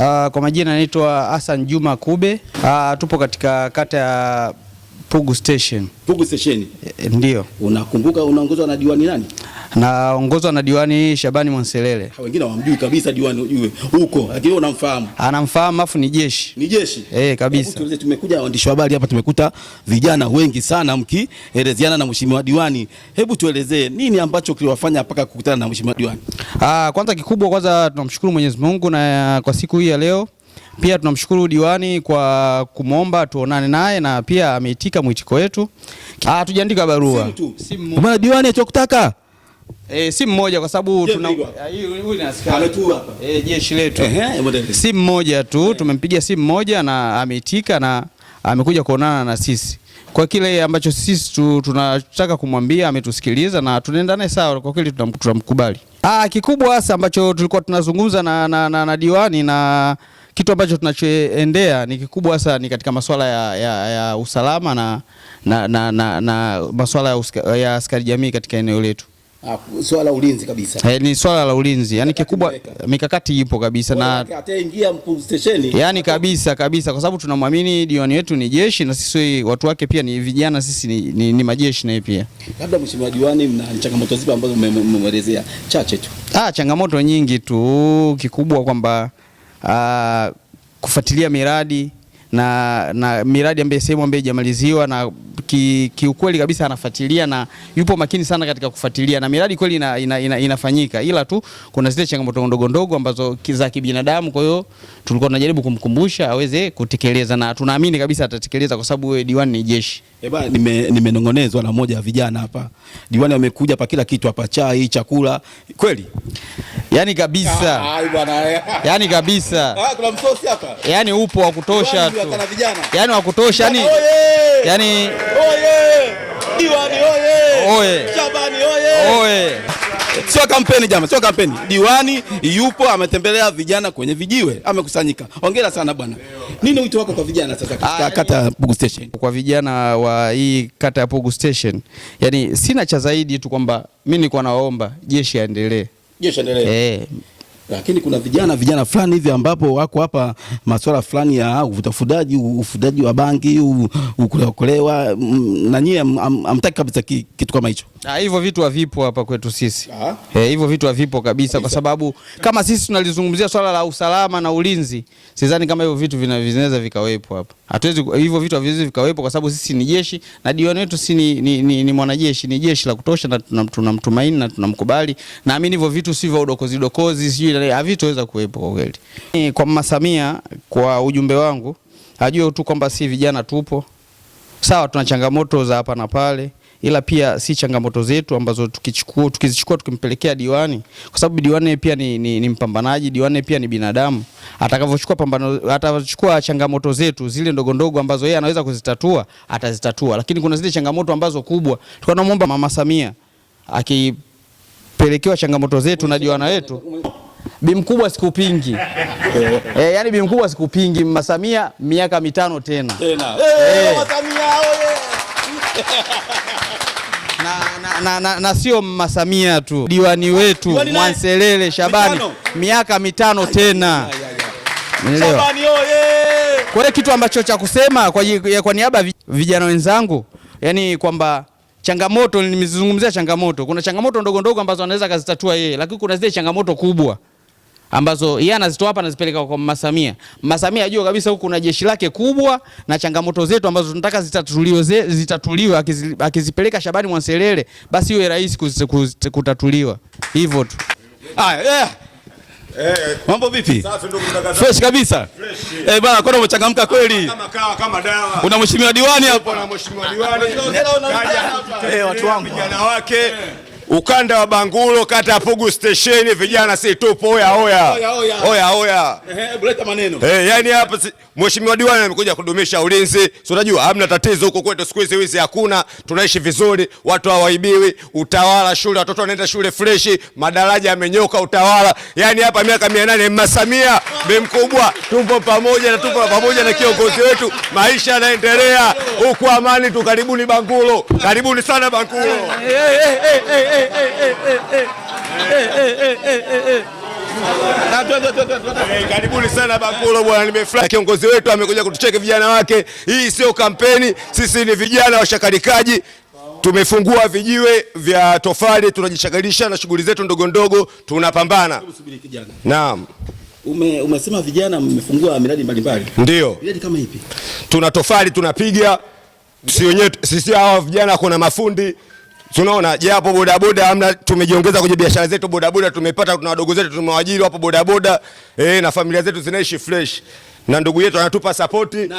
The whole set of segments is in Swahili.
Ah, kwa majina naitwa Hassan Juma Kube. Ah, tupo katika kata ya Pugu Station. Pugu Station. E, ndio. Unakumbuka unaongozwa na diwani nani? Naongozwa na diwani Shabani Mwanselele. Wengine hawamjui kabisa diwani ujue huko, lakini unamfahamu. Anamfahamu afu ni jeshi. Ni jeshi? Eh, kabisa. Tueleze, tumekuja waandishi wa habari hapa, tumekuta vijana wengi sana mkielezeana na mheshimiwa diwani. Hebu tuelezee nini ambacho kiliwafanya mpaka kukutana na mheshimiwa diwani? Ah, kwanza kikubwa, kwanza tunamshukuru Mwenyezi Mungu na kwa siku hii ya leo pia tunamshukuru diwani kwa kumwomba tuonane naye na pia ameitika mwitiko wetu. Ah, tujaandika barua, Mbona diwani achokutaka Eh, si mmoja kwa sababu tuna ah, Eh, jeshi letu si mmoja tu, eh. tumempigia simu moja na ameitika na amekuja kuonana na sisi kwa kile ambacho sisi tu, tunataka kumwambia ametusikiliza na tunaenda naye sawa. Kwa kweli tunamkubali. Ah, kikubwa hasa ambacho tulikuwa tunazungumza na, na, na, na diwani na kitu ambacho tunachoendea ni kikubwa hasa ni katika masuala ya, ya, ya usalama na, na, na, na, na masuala ya ya askari jamii katika eneo letu. Ah, swala ulinzi kabisa. Eh, ni swala la ulinzi yaani kikubwa mikakati ipo kabisa na ataingia mkuu stesheni. Yaani kabisa kabisa kwa sababu tunamwamini diwani wetu ni jeshi na sisi watu wake pia ni vijana sisi ni, ni, ni majeshi naye pia. Labda Mheshimiwa Diwani, mna changamoto zipi ambazo mmemwelezea Chache tu. Ah, changamoto nyingi tu kikubwa kwamba uh, kufuatilia miradi na, na miradi ambayo sehemu ambayo haijamaliziwa na ki, kiukweli kabisa anafuatilia na yupo makini sana katika kufuatilia na miradi kweli ina, ina, ina, inafanyika, ila tu kuna zile changamoto ndogo ndogo ambazo za kibinadamu. Kwa hiyo tulikuwa tunajaribu kumkumbusha aweze kutekeleza na tunaamini kabisa atatekeleza kwa sababu wewe diwani ni jeshi. Eba, eh nimenongonezwa nime na moja ya vijana hapa, diwani amekuja hapa kila kitu hapa, chai, chakula, kweli yani kabisa, ah, yani kabisa, ah, yani upo wa kutosha hivi akana vijana yani wa kutosha ni yani oye diwani oye oye Shabani oye oye Sio kampeni jama, sio kampeni. Diwani yupo ametembelea vijana kwenye vijiwe, amekusanyika. Hongera sana bwana. Nini wito wako kwa vijana sasa katika ah, kata ya Pugu Station? Kwa vijana wa hii kata ya Pugu Station, yani sina cha zaidi tu kwamba mimi niko naomba jeshi aendelee, jeshi aendelee eh lakini kuna vijana vijana fulani hivi ambapo wako hapa masuala fulani ya utafudaji, ufudaji wa bangi, ukulewa mm, na nyie am, hamtaki kabisa kitu kama hicho. Ah, hivyo vitu havipo hapa kwetu sisi, ah. eh, hivyo vitu havipo kabisa, kwa sababu kama sisi tunalizungumzia swala la usalama na ulinzi, sidhani kama hivyo vitu vinaweza vikawepo hapa. Hatuwezi hivyo vitu haviwezi vikawepo, kwa sababu sisi ni jeshi na diwani wetu si ni, ni, ni, ni mwanajeshi, ni jeshi la kutosha na tunamtumaini na tunamkubali. Naamini hivyo vitu si vya udokozi dokozi, sijui vile havitoweza kuwepo kwa kweli. Kwa Mama Samia, kwa ujumbe wangu, ajue tu kwamba si vijana tupo sawa, tuna changamoto za hapa na pale ila pia si changamoto zetu ambazo tukichukua tukizichukua tukimpelekea diwani, kwa sababu diwani pia ni, ni, ni mpambanaji. Diwani pia ni binadamu, atakavyochukua pambano, atachukua changamoto zetu zile ndogo ndogo ambazo yeye anaweza kuzitatua atazitatua, lakini kuna zile changamoto ambazo kubwa, tunamuomba Mama Samia akipelekewa changamoto zetu na diwani wetu Bimkubwa sikupingi. E, e, yani bimkubwa sikupingi. pingi Samia miaka mitano tena. Tena. E, Mama Na, na, na, na sio masamia tu, diwani wetu diwani Mwanselele Shabani mitano. Miaka mitano tena. Kwa hiyo kitu ambacho cha kusema kwa, kwa niaba vijana wenzangu yani kwamba changamoto nimezizungumzia changamoto. Kuna changamoto ndogo ndogo ambazo anaweza kazitatua yeye, lakini kuna zile changamoto kubwa ambazo yeye anazitoa hapa anazipeleka kwa Mama Samia. Mama Samia ajua kabisa huko kuna jeshi lake kubwa na changamoto zetu ambazo tunataka zitatuliwe, zitatuliwe akizipeleka Shabani Mwanselele, basi iwe rahisi kutatuliwa hivyo tu. Haya, yeah. Eh, mambo vipi? Fresh kabisa. Fresh. Eh, bana kwani umechangamka kweli? Kama kawa kama dawa. Una mheshimiwa diwani hapo. Una mheshimiwa diwani. Eh, watu wangu. Vijana wake. Eh ukanda wa Bangulo, kata Pugu stesheni, vijana si tupo, oya oya oya oya. maneno Eh, yani hapa mheshimiwa diwani amekuja kudumisha ulinzi, si unajua hamna tatizo huko kwetu, siku hizi wizi hakuna, tunaishi vizuri, watu hawaibiwi, utawala shule, watoto wanaenda shule freshi, madaraja yamenyoka, utawala yani hapa miaka 800 Mama Samia be tupo pamoja na tupo pamoja na kiongozi wetu, maisha yanaendelea huku, amani tu. Karibuni Bangulo, karibuni sana Bangulo. hey, eh, eh, hey, eh, hey, hey, hey. Karibuni sana Bakulo bwana, nimefurahi. Kiongozi wetu amekuja kutucheke vijana wake. Hii sio kampeni, sisi ni vijana washakarikaji. Tumefungua vijiwe vya tofali, tunajishagalisha na shughuli zetu ndogo ndogo, tunapambana. Naam. Ume, umesema vijana mmefungua miradi mbalimbali. Ndio. Miradi kama ipi? Tuna tofali tunapiga, sio wenyewe sisi. Hawa vijana kuna mafundi Tunaona japo bodaboda amna tumejiongeza kwenye biashara zetu bodaboda, tumepata tuna wadogo zetu tumewajiri hapo bodaboda eh, na familia zetu zinaishi fresh na ndugu yetu anatupa sapoti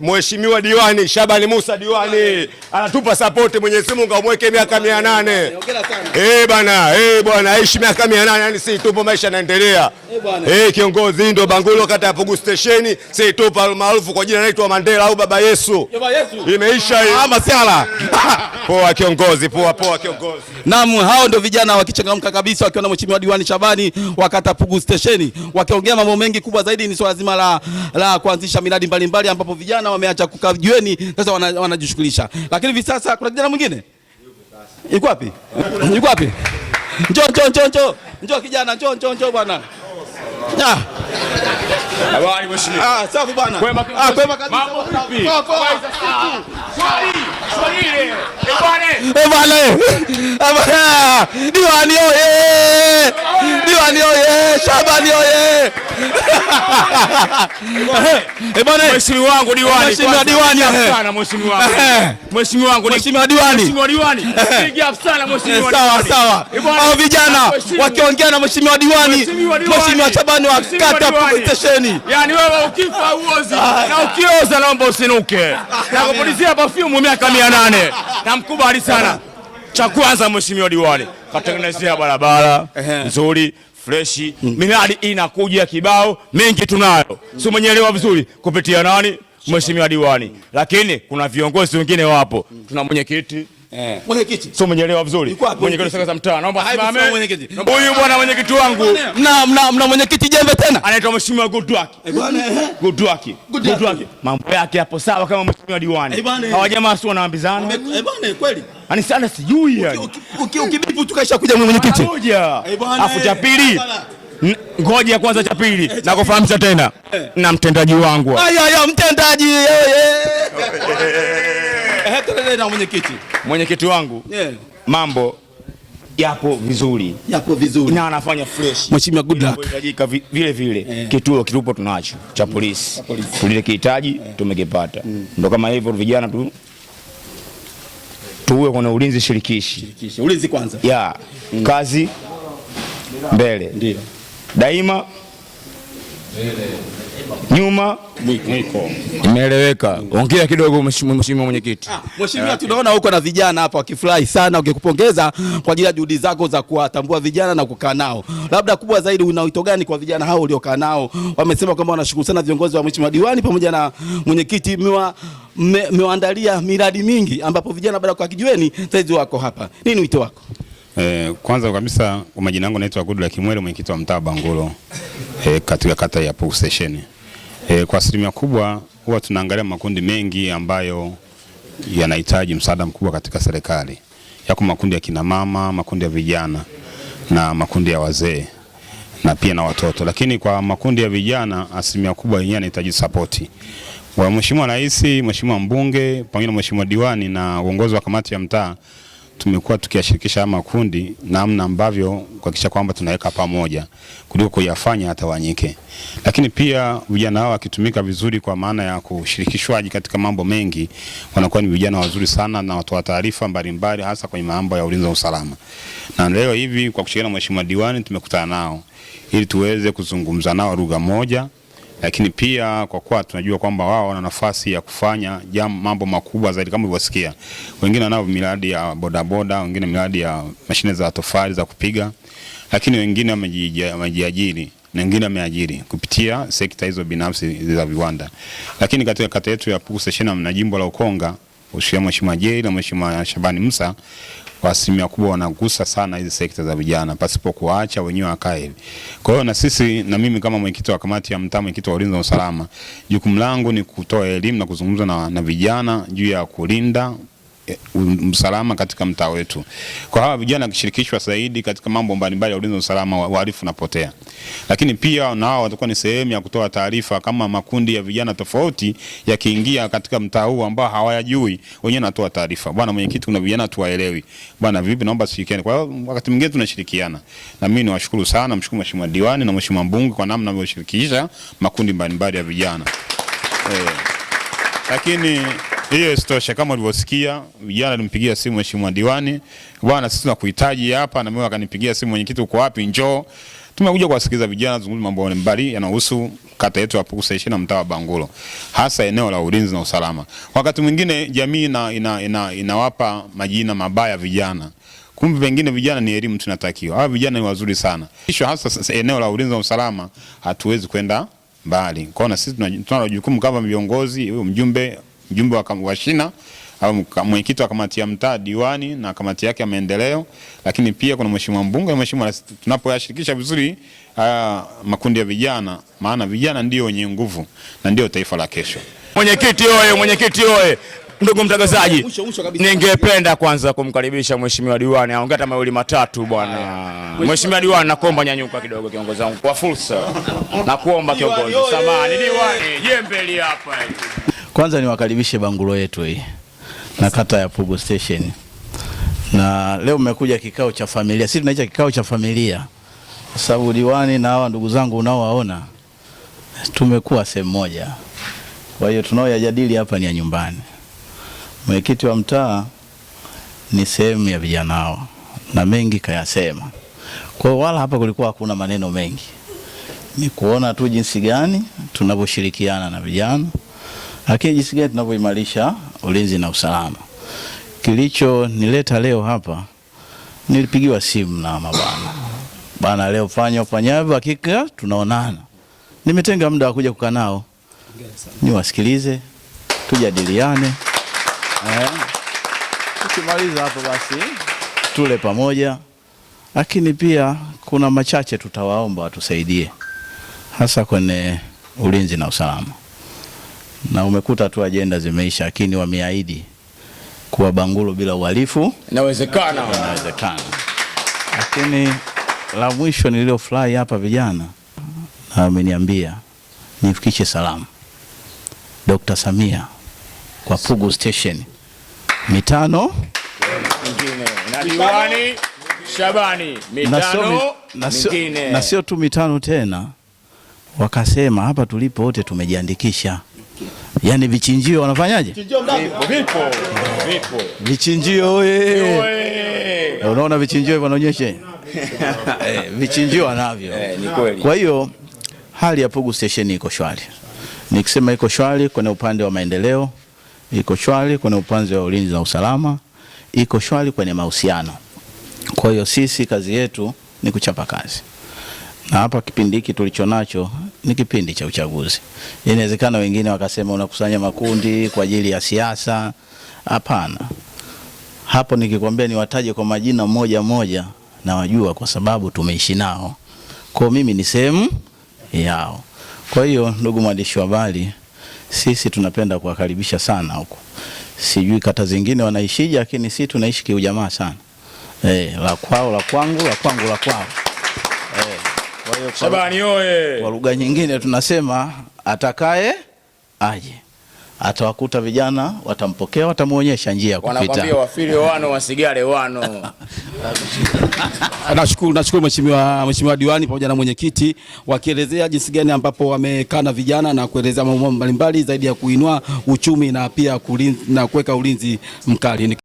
Mheshimiwa diwani Shabani Musa diwani anatupa sapoti. Mwenyezi Mungu amweke miaka mia nane eh bana, eh bwana, aishi miaka mia nane yani si tupo, maisha yanaendelea. Eh, eh kiongozi ndo Bangulo, kata ya Pugu stesheni, si tupo almaarufu kwa jina naitwa Mandela au Baba Yesu, imeisha ah, poa. Kiongozi poa, poa kiongozi. Naam, hao ndo vijana wakichangamka kabisa, wakiwa na Mheshimiwa diwani Shabani wakata Pugu stesheni, wakiongea mambo mengi kubwa zaidi, ni swala zima la la kuanzisha miradi mbalimbali ambapo vijana wameacha kukaa sasa wanajishughulisha. Lakini hivi sasa kuna kijana mwingine yuko wapi? Yuko wapi? Njoo, njoo, njoo, njoo, kijana, njoo, njoo, njoo bwana. Ah, safi bwana. kwema ah, kabisa. Swali, swali. Ebane. Ebane. Diwani oye. Diwani oye! Shabani oye! Eh, mheshimiwa wangu diwani, mheshimiwa diwani sana, mheshimiwa wangu, eh, eh. mheshimiwa wangu, mheshimiwa diwani, mheshimiwa diwani, big up sana mheshimiwa. Sawa sawa, hao vijana ah, wakiongea na mheshimiwa diwani, mheshimiwa Shabani wa kata police station. Yani wewe ukifa uozi ah. na ukioza, naomba usinuke. Nakupulizia perfume miaka 800 na mkubali sana cha kwanza mheshimiwa diwani katengenezea barabara nzuri freshi, mm. miradi inakuja kibao, mengi tunayo, si mwenyeelewa vizuri kupitia nani, mheshimiwa diwani. Lakini kuna viongozi wengine wapo, tuna mwenyekiti Eh. Mwenyekiti. Sio mwenyeelewa vizuri. Mwenyekiti sasa mtaa. Naomba simame. Huyu bwana mwenyekiti wangu. Mna mna mna mwenyekiti jembe tena. Anaitwa Mheshimiwa Goodluck. Eh bwana eh. eh. Goodluck. Goodluck. Mambo yake hapo sawa kama mheshimiwa diwani. Eh, eh. Hawa jamaa sio wanaambizana. Eh bwana kweli. Yaani sana sijui yani. Ukibipu tukaisha kuja mwenyekiti. Afu cha pili. Ngoja kwanza cha pili. Nakufahamisha tena. Na mtendaji wangu. Aya aya mtendaji. Eh, na mwenyekiti, mwenyekiti wangu yeah. Mambo yapo vizuri, yapo vizuri na anafanya fresh mheshimiwa, good luck vile vile yeah. Kituo kilipo tunacho cha polisi mm. Tulikihitaji yeah. Tumekipata mm. Ndo kama hivyo vijana tu tuwe kuna ulinzi shirikishi, shirikishi. Ulinzi kwanza ya yeah. mm. Kazi mbele, ndio daima mbele nyuma mwiko. Imeeleweka. Ongea kidogo mheshimiwa mwenyekiti. Ah, mheshimiwa, tunaona huko na vijana hapa wakifurahi sana wakikupongeza kwa ajili ya juhudi zako za kuwatambua vijana na kukaa nao. Labda kubwa zaidi, una wito gani kwa vijana hao uliokaa nao? Wamesema kwamba wanashukuru sana viongozi wa mheshimiwa diwani pamoja na mwenyekiti, mmewaandalia miradi mingi ambapo vijana baada ya kukaa kijiweni saizi wako hapa. Nini wito wako? Eh, kwanza kabisa kwa majina yangu naitwa Goodluck Kimwele, mwenyekiti wa mtaa Bangulo eh, katika kata ya Pugu Station. Eh, kwa asilimia kubwa huwa tunaangalia makundi mengi ambayo yanahitaji msaada mkubwa katika serikali. Yako makundi ya kina mama, makundi ya vijana na makundi ya wazee na pia na watoto, lakini kwa makundi ya vijana asilimia kubwa yenyewe yanahitaji sapoti wa Mheshimiwa Rais, Mheshimiwa mbunge pamoja na Mheshimiwa diwani na uongozi wa kamati ya mtaa tumekuwa tukiyashirikisha makundi namna ambavyo kuhakikisha kwamba tunaweka pamoja kuliko kuyafanya atawanyike Lakini pia vijana hao wakitumika vizuri, kwa maana ya kushirikishwaji katika mambo mengi, wanakuwa ni vijana wazuri sana na watoa taarifa mbalimbali, hasa kwenye mambo ya ulinzi wa usalama. Na leo hivi kwa kushirikiana na Mheshimiwa Diwani tumekutana nao ili tuweze kuzungumza nao lugha moja lakini pia kwa kuwa tunajua kwamba wao wana nafasi ya kufanya jam, mambo makubwa zaidi kama ulivyosikia. Wengine wanao miradi ya bodaboda, wengine miradi ya mashine za tofali za kupiga, lakini wengine wamejiajiri na wengine wameajiri kupitia sekta hizo binafsi za viwanda. Lakini katika kata yetu ya Pugu Seshenam na jimbo la Ukonga, Mheshimiwa jeri na Mheshimiwa Shabani Musa kwa asilimia kubwa wanagusa sana hizi sekta za vijana pasipo kuwaacha wenyewe wakae hivi. Kwa hiyo na sisi na mimi kama mwenyekiti wa kamati ya mtaa, mwenyekiti wa ulinzi na usalama, jukumu langu ni kutoa elimu na kuzungumza na, na vijana juu ya kulinda usalama katika mtaa wetu. Kwa hawa vijana wakishirikishwa zaidi katika mambo mbalimbali ya ulinzi na usalama, uhalifu napotea. Lakini pia nao watakuwa ni sehemu ya kutoa taarifa, kama makundi ya vijana tofauti yakiingia katika mtaa huu ambao hawayajui wenyewe, natoa taarifa, bwana mwenyekiti, kuna vijana tuwaelewi, bwana vipi, naomba tushirikiane. Kwa hiyo wakati mwingine tunashirikiana, na mimi niwashukuru sana, mshukuru mheshimiwa diwani na mheshimiwa mbunge kwa namna mnavyoshirikisha makundi mbalimbali ya vijana eh, lakini hiyo isitoshe, kama ulivyosikia jana, nilimpigia simu mheshimiwa diwani, bwana, sisi tunakuhitaji hapa, na mimi akanipigia simu, mwenyekiti, uko wapi? Njoo. Tumekuja kuwasikiliza vijana, zungumza mambo mbalimbali yanayohusu kata yetu ya Pugu na mtaa wa Bangulo, hasa eneo la ulinzi na usalama. Wakati mwingine jamii ina, ina, ina, inawapa majina mabaya vijana kumbe pengine vijana ni elimu tunatakiwa. Hawa vijana ni wazuri sana, kisha hasa eneo la ulinzi na usalama hatuwezi kwenda mbali. Kwa na sisi tunalo jukumu kama viongozi, mjumbe mjumbe wa shina au mwenyekiti wa kamati ya mtaa, diwani na kamati yake ya maendeleo, lakini pia kuna mheshimiwa mbunge na mheshimiwa rais. Tunapoyashirikisha vizuri haya ah, makundi ya vijana, maana vijana ndio wenye nguvu na ndio taifa la kesho. Mwenyekiti oye! Mwenyekiti oye! Ndugu mtangazaji, ningependa kwanza kumkaribisha mheshimiwa diwani aongea hata mawili matatu. Bwana mheshimiwa diwani, nakuomba nyanyuka kidogo, kiongozi wangu, kwa fursa nakuomba kiongozi. samani diwani, jembe hapa. Kwanza niwakaribishe Bangulo yetu hii na kata ya Pugu Station, na leo mmekuja kikao cha familia. Sisi tunaicha kikao cha familia kwa sababu diwani na hawa ndugu zangu unaowaona tumekuwa sehemu moja, kwa hiyo tunaoyajadili hapa ni ya nyumbani. Mwenyekiti wa mtaa ni sehemu ya vijana hao na mengi kayasema, kwa hiyo wala hapa kulikuwa hakuna maneno mengi, ni kuona tu jinsi gani tunavyoshirikiana na vijana lakini jinsi gani tunavyoimarisha ulinzi na usalama. kilicho nileta leo hapa, nilipigiwa simu na mabwana bana, leo fanya ufanyavyo, hakika tunaonana. Nimetenga muda wa kuja kukaa nao niwasikilize, tujadiliane eh, tukimaliza hapo basi tule pamoja, lakini pia kuna machache tutawaomba watusaidie hasa kwenye ulinzi na usalama na umekuta tu ajenda zimeisha, lakini wameahidi kuwa Bangulo bila uhalifu inawezekana, inawezekana. Lakini la mwisho nililofurahi hapa, vijana na wameniambia nifikishe salamu Dr. Samia kwa Pugu Station mitano Diwani Shabani mitano na sio tu mitano tena, wakasema hapa tulipo wote tumejiandikisha Yaani vichinjio wanafanyaje? vipo. Vipo. Vichinjio eh. oye. Unaona vichinjio hivyo wanaonyesha? Eh, vichinjio wanavyo. Eh, ni kweli. Kwa hiyo hali ya Pugu Station iko shwari. Nikisema iko shwari kwenye upande wa maendeleo, iko shwari kwenye upande wa ulinzi na usalama, iko shwari kwenye mahusiano. Kwa hiyo sisi kazi yetu ni kuchapa kazi, na hapa kipindi hiki tulichonacho ni kipindi cha uchaguzi. Inawezekana wengine wakasema unakusanya makundi kwa ajili ya siasa. Hapana, hapo nikikwambia niwataje kwa majina moja moja, na wajua kwa sababu tumeishi nao, kwa mimi ni sehemu yao. Kwa hiyo, ndugu mwandishi wa habari, sisi tunapenda kuwakaribisha sana huko. Sijui kata zingine wanaishije, lakini sisi tunaishi kiujamaa sana. Eh, la kwao la kwangu, la kwangu la kwao. Shabani oye! Kwa lugha nyingine tunasema atakaye aje atawakuta vijana watampokea, watamuonyesha njia ya kupita. wafiri wano wano. Nashukuru, nashukuru mheshimiwa, mheshimiwa diwani pamoja na mwenyekiti wakielezea jinsi gani ambapo wamekaa na vijana na kuelezea mambo mbalimbali zaidi ya kuinua uchumi na pia kulinzi, na kuweka ulinzi mkali.